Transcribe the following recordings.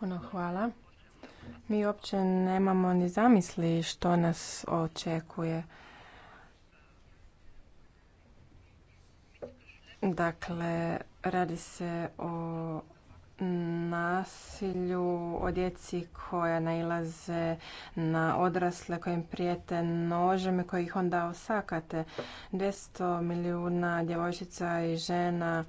Puno hvala. Mi uopće nemamo ni zamisli što nas očekuje. Dakle, radi se o nasilju, o djeci koja nailaze na odrasle kojim prijete nožem i koji ih onda osakate. 200 milijuna djevojčica i žena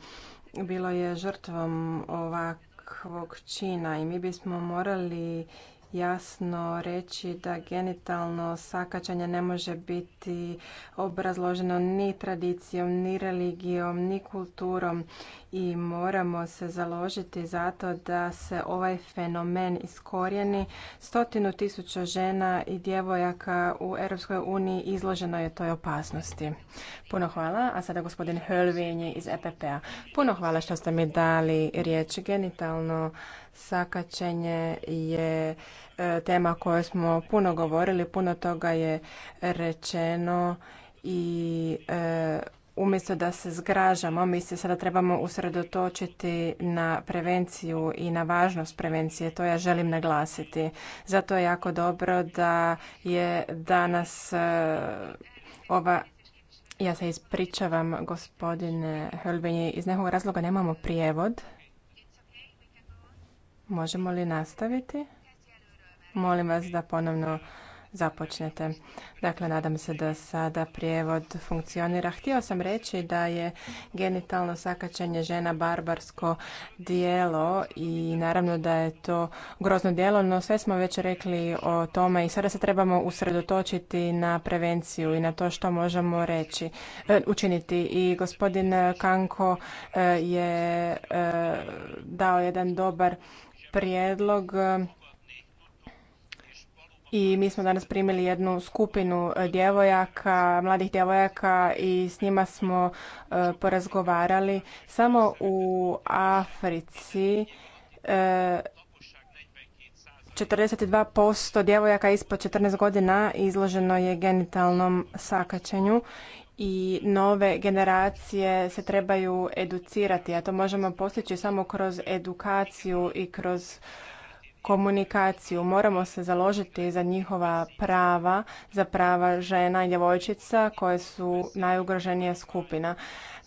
bilo je žrtvom ovak takvog čina i mi bismo morali jasno reći da genitalno sakačanje ne može biti obrazloženo ni tradicijom, ni religijom, ni kulturom i moramo se založiti zato da se ovaj fenomen iskorijeni. Stotinu tisuća žena i djevojaka u EU izloženo je toj opasnosti. Puno hvala, a sada gospodin Hölvinji iz EPP-a. Puno hvala što ste mi dali riječ genitalno Sakačenje je e, tema o kojoj smo puno govorili, puno toga je rečeno i e, umjesto da se zgražamo, mi se sada trebamo usredotočiti na prevenciju i na važnost prevencije. To ja želim naglasiti. Zato je jako dobro da je danas e, ova ja se ispričavam, gospodine Hölbenji, iz nekog razloga nemamo prijevod. Možemo li nastaviti? Molim vas da ponovno započnete. Dakle, nadam se da sada prijevod funkcionira. Htio sam reći da je genitalno sakačenje žena barbarsko dijelo i naravno da je to grozno dijelo, no sve smo već rekli o tome i sada se trebamo usredotočiti na prevenciju i na to što možemo reći, e, učiniti. I gospodin Kanko e, je e, dao jedan dobar prijedlog e, i mi smo danas primili jednu skupinu e, djevojaka, mladih djevojaka i s njima smo e, porazgovarali. Samo u Africi 42% djevojaka ispod 14 godina izloženo je genitalnom sakaćenju i nove generacije se trebaju educirati, a to možemo postići samo kroz edukaciju i kroz komunikaciju. Moramo se založiti za njihova prava, za prava žena i djevojčica koje su najugroženija skupina.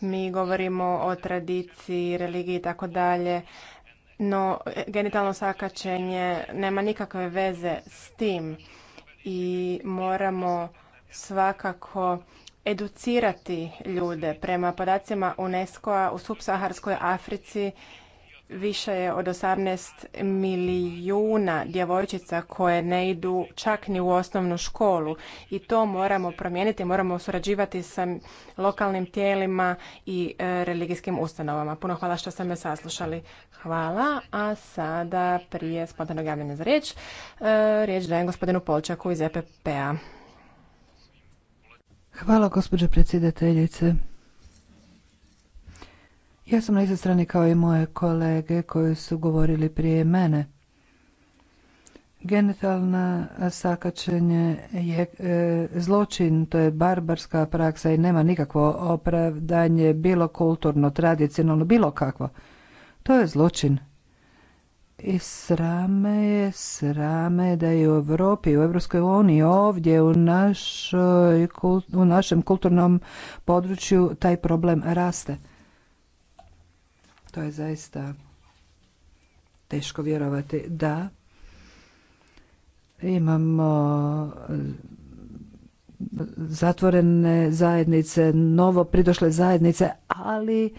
Mi govorimo o tradiciji, religiji i tako dalje, no genitalno sakačenje nema nikakve veze s tim i moramo svakako educirati ljude. Prema podacima UNESCO-a u subsaharskoj Africi više je od 18 milijuna djevojčica koje ne idu čak ni u osnovnu školu i to moramo promijeniti, moramo surađivati sa lokalnim tijelima i e, religijskim ustanovama. Puno hvala što ste me saslušali. Hvala, a sada prije spontanog javljanja za riječ, e, riječ dajem gospodinu Polčaku iz EPP-a. Hvala, gospođo predsjedateljice. Ja sam na istoj kao i moje kolege koji su govorili prije mene. Genitalna sakačenje je e, zločin, to je barbarska praksa i nema nikakvo opravdanje, bilo kulturno, tradicionalno, bilo kakvo. To je zločin. I srame je, srame da je u Europi, u Europskoj uniji, ovdje u, našoj, u našem kulturnom području taj problem raste. To je zaista teško vjerovati. Da, imamo e, zatvorene zajednice, novo pridošle zajednice, ali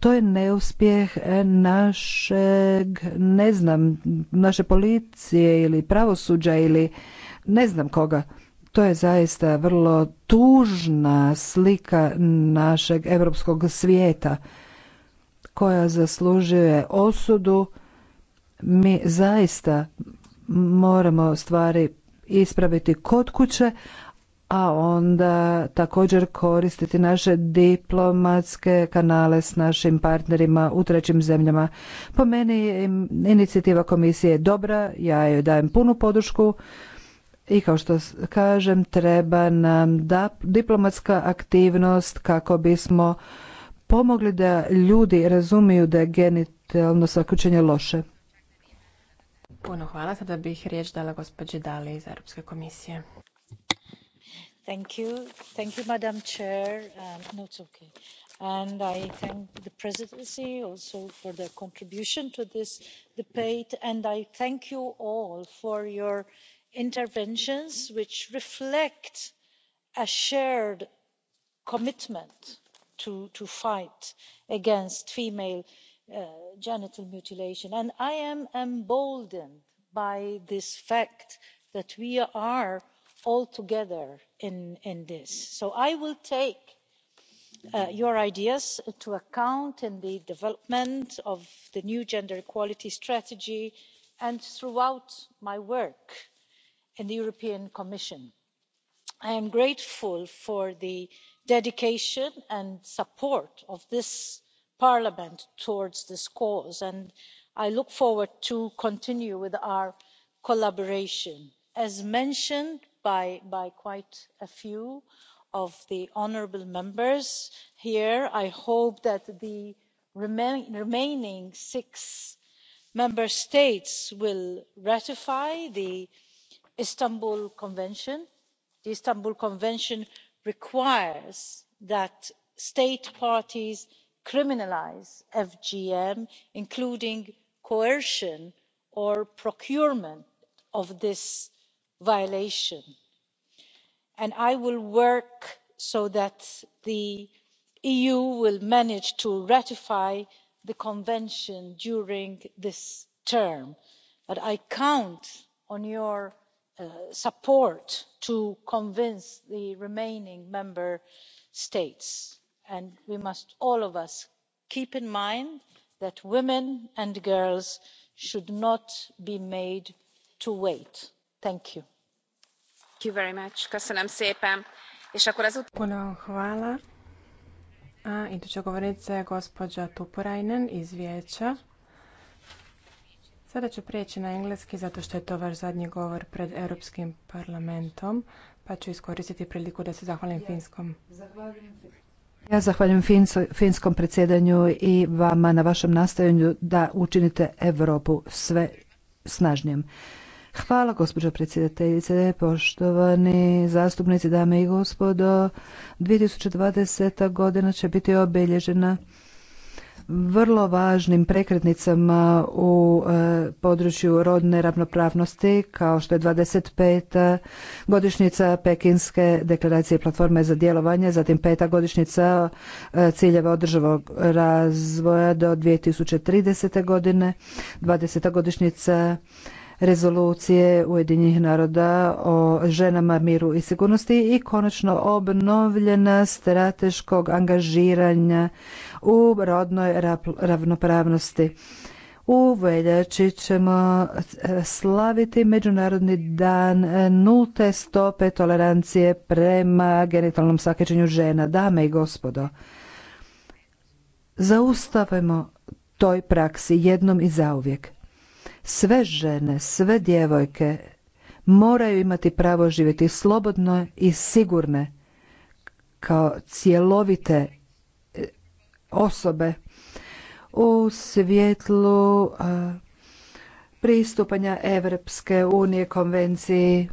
to je neuspjeh e, našeg, ne znam, naše policije ili pravosuđa ili ne znam koga. To je zaista vrlo tužna slika našeg europskog svijeta koja zaslužuje osudu. Mi zaista moramo stvari ispraviti kod kuće, a onda također koristiti naše diplomatske kanale s našim partnerima u trećim zemljama. Po meni inicijativa komisije je dobra, ja joj dajem punu podršku i kao što kažem treba nam diplomatska aktivnost kako bismo pomogli da ljudi razumiju da je genitalno sakućenje loše. Puno hvala. Sada bih riječ dala gospođi Dali iz Europske komisije madam president um, i thank the presidency also for their contribution to this debate and i thank you all for your interventions which reflect a shared commitment to fight against female uh, genital mutilation and i am emboldened by this fact that we are all together in this so i will take uh, your ideas into account in the development of the new gender equality strategy and throughout my work in the european commission. i am grateful for the dedication and support of this parliament towards this cause and i look forward to continuing with our collaboration. as mentioned by quite a few of the honourable members here. i hope that the remaining six member states will ratify the istanbul convention. the istanbul convention requires that state parties criminalise fgm including coercion or procurement of this violation and i will work so that the eu will manage to ratify the convention during this term but i count on your uh, support to convince the remaining member states and we must all of us keep in mind that women and girls should not be made to wait hvala. A iduća govorit je gospođa iz Vijeća. Sada ću prijeći na engleski zato što je to vaš zadnji govor pred Europskim parlamentom, pa ću iskoristiti priliku da se zahvalim Finskom. Ja zahvaljujem Finskom predsjedanju i vama na vašem nastojanju da učinite Europu sve snažnijom. Hvala gospođo predsjedateljice, poštovani zastupnici, dame i gospodo. 2020. godina će biti obilježena vrlo važnim prekretnicama u e, području rodne ravnopravnosti kao što je 25. godišnjica Pekinske deklaracije platforme za djelovanje, zatim peta godišnjica e, ciljeva održavog razvoja do 2030. godine, 20. godišnjica rezolucije Ujedinjenih naroda o ženama, miru i sigurnosti i konačno obnovljena strateškog angažiranja u rodnoj ravnopravnosti. U veljači ćemo e, slaviti Međunarodni dan nulte stope tolerancije prema genitalnom sakećenju žena. Dame i gospodo, zaustavimo toj praksi jednom i zauvijek. Sve žene, sve djevojke moraju imati pravo živjeti slobodno i sigurne kao cjelovite e, osobe u svjetlu pristupanja Evropske unije konvenciji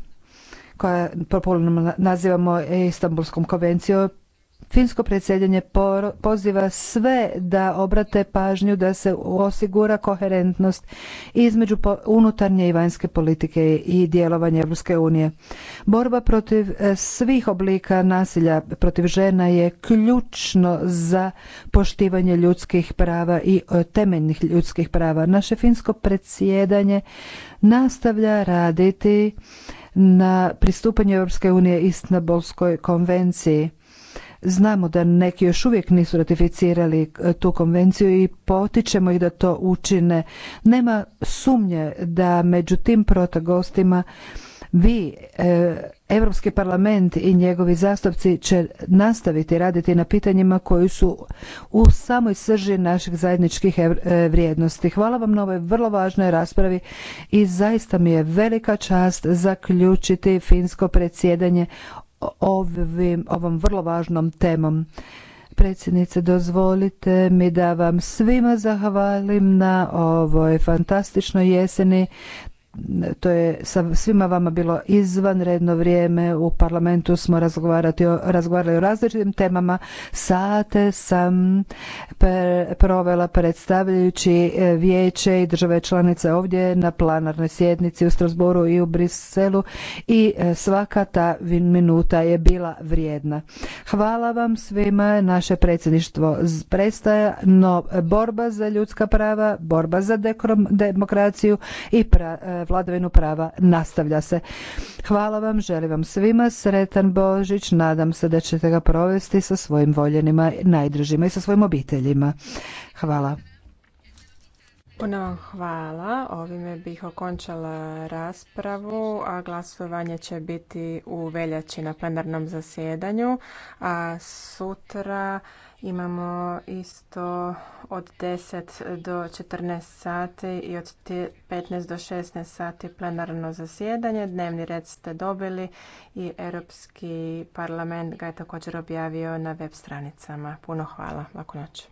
koja popolno nazivamo Istanbulskom konvencijom Finsko predsjedanje poziva sve da obrate pažnju da se osigura koherentnost između unutarnje i vanjske politike i djelovanja Europske unije. Borba protiv eh, svih oblika nasilja protiv žena je ključno za poštivanje ljudskih prava i eh, temeljnih ljudskih prava. Naše finsko predsjedanje nastavlja raditi na pristupanju Europske unije Istanbulskoj konvenciji Znamo da neki još uvijek nisu ratificirali e, tu konvenciju i potičemo ih da to učine. Nema sumnje da među tim protagostima vi, e, Europski parlament i njegovi zastupci će nastaviti raditi na pitanjima koji su u samoj srži naših zajedničkih e, vrijednosti. Hvala vam na ovoj vrlo važnoj raspravi i zaista mi je velika čast zaključiti finsko predsjedanje ovom vrlo važnom temom. Predsjednice, dozvolite mi da vam svima zahvalim na ovoj fantastičnoj jeseni to je sa svima vama bilo izvanredno vrijeme. U parlamentu smo razgovarati o, razgovarali o različitim temama. Sate sam provela predstavljajući e, vijeće i države članice ovdje na planarnoj sjednici u Strasboru i u Briselu i e, svaka ta minuta je bila vrijedna. Hvala vam svima. Naše predsjedništvo prestaje, no borba za ljudska prava, borba za demokraciju i e, vladavinu prava nastavlja se. Hvala vam, želim vam svima sretan Božić, nadam se da ćete ga provesti sa svojim voljenima, najdržima i sa svojim obiteljima. Hvala. Puno vam hvala. Ovime bih okončala raspravu, a glasovanje će biti u veljači na plenarnom zasjedanju. A sutra imamo isto od 10 do 14 sati i od 15 do 16 sati plenarno zasjedanje. Dnevni red ste dobili i Europski parlament ga je također objavio na web stranicama. Puno hvala. Lako noć.